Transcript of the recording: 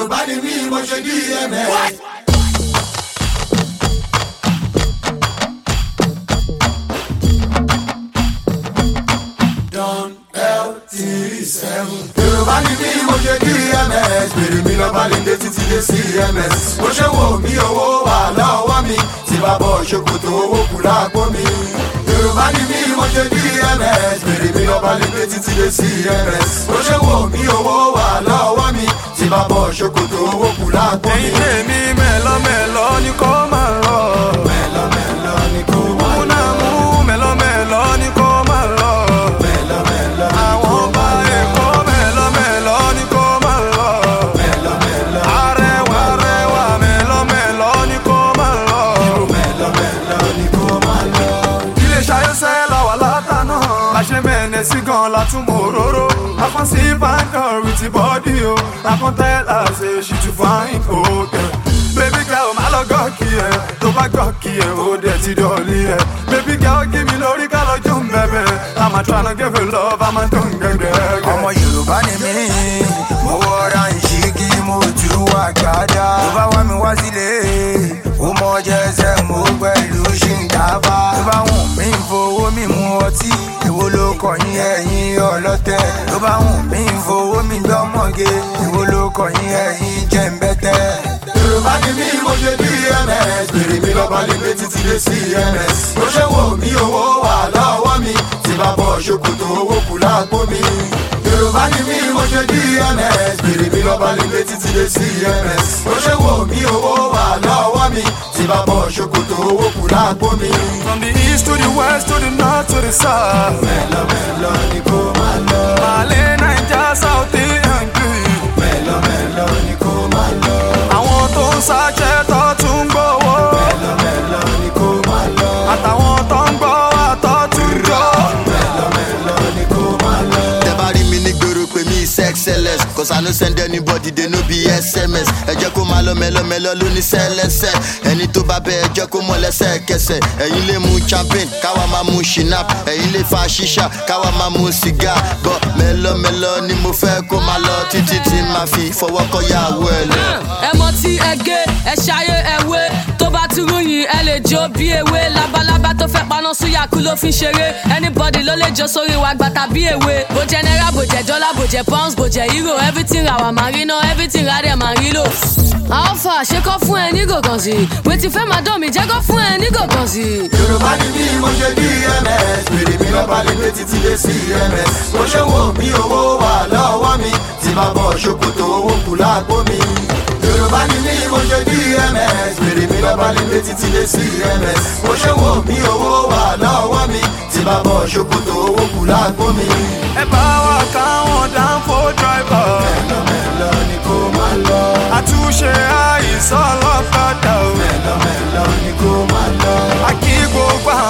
yorùbá ni mí mo ṣe dms. don lt seven. yorùbá ni mí mo ṣe dms bèrè mi lọ́ba lè dé títí dé cms. mo ṣe wo mi owó wà lọ́wọ́ mi tí bàbá òṣèkòtò owó kù láàpọ̀ mi yorùbá ni mí mo ṣe dms bèrè mi lọ́ba lè dé títí dé cms mo ṣe wo mi owó wà lọ́wọ́ bá bọ̀ ṣòkòtò owó kù láàgbó mi. ẹyin tèmi mẹ́lọ́mẹ́lọ́ ni kò máa rọ̀. mẹ́lọ́mẹ́lọ́ ni kò máa rọ̀. òun náà mú mẹ́lọ́mẹ́lọ́ ni kò máa rọ̀. mẹ́lọ́mẹ́lọ́ ni kò máa rọ̀. àwọn ọba èkó mẹ́lọ́mẹ́lọ́ ni kò máa rọ̀. mẹ́lọ́mẹ́lọ́. arẹwà arẹwà mẹ́lọ́mẹ́lọ́ ni kò máa rọ̀. irú mẹ́lọ́mẹ́lọ́ ni kò máa rọ̀. ilé ṣayọ́sẹ́ làwà látàná. àṣẹ mẹ́ẹ̀nẹ̀ o. I can tell her, say she too fine, oh Baby girl, my love gọ́ọ̀kì ẹ̀, Don't bá gọ́ọ̀kì ẹ̀, ó dẹ̀ ti dọ̀ọ̀lì ẹ̀. Baby girl, give me lórí ká lọ jó ń bẹ̀bẹ̀. I'm a tryna give you love, I'm a tó ń gẹ̀gẹ̀. Ọmọ Yorùbá ni mí, mo wọra ìṣíkí, mo tú àgbàdá. Tó bá wá mi wá sílé, ó mọ jẹsẹ̀ mo pẹ̀lú ṣìǹkàbá. Tó bá wùn mí fowó mímu ọtí, èwo ló kọ̀ yín ẹ̀yin ọlọ́tẹ̀. Tó bá wùn oge èwo ló kọ yín ẹ̀yin jẹ́ ń bẹ́tẹ́. yorùbá ni mí mo ṣe bí ms bèrè mi lọ́ba lè títí dé cms mo ṣe wò mí owó wà lọ́wọ́ mi tí bá ṣòkòtò owó kù láàpò mi. yorùbá ni mí mo ṣe bí ms bèrè mi lọ́ba lè títí dé cms mo ṣe wò mí owó wà lọ́wọ́ mi tí bá ṣòkòtò owó kù láàpò mi. from the east to the west to the north to the south. mẹ́lọ mẹ́lọ ni kò máa lọ. màlẹ́ náà. stress cause i no send anybody they no be sms ẹ jẹ́ kó máa lọ mẹ́lọ́mẹ́lọ́ lóní sẹ́lẹ́sẹ̀ ẹni tó bá bẹ ẹ jẹ́ kó mọ lẹ́sẹ̀kẹsẹ̀ ẹ̀yin lè mu champagne káwa máa mu shinap ẹ̀yin lè fa ṣíṣà káwa máa mu sìgá bọ́ mẹ́lọ́mẹ́lọ́ ni mo fẹ́ kó máa lọ títí tí máa fi fọwọ́ kọ́yàwó ẹ lọ. ẹ mọ tí ẹ ẹ ṣayé ẹ bá tún rúyìn ẹ lè jó bí ewé labalábá tó fẹ́ paná súyà kú ló fi ṣeré anybody ló lè jó sórí wa gbàtà bí ewé bó náírà bó dọ́là bó jẹ pounds bó everything ra wà máa rí náà everything ra dẹ̀ máa rí lò. alpha ṣe kọ́ fún ẹ ní gògàn sí i wetin fẹ́ máa dán mi jẹ́ kọ́ fún ẹ ní gògàn sí i. yorùbá ni bí mo ṣe bí ms pèrè mi lọ́ba lè gbé títí dé sí ms mo ṣe wo bí owó wà lọ́wọ́ mi tí bá bọ̀ ṣòkòtò owó kù láàgbó mi yorùbá ni bí mo ṣe bí Bálídé títí lé sí ms mo ṣe wò mí owó wà lọ́wọ́ mi tí bàbá ṣòkòtò owó kù láàgbó mi. ẹ bá wa káwọn dánfó dráìvà. mẹ́lọ̀mẹ́lọ̀ ni kò máa lọ. àtúnṣe àìsàn ọlọ́kadà o. mẹ́lọ̀mẹ́lọ̀ ni kò máa lọ. àkíkó gbà.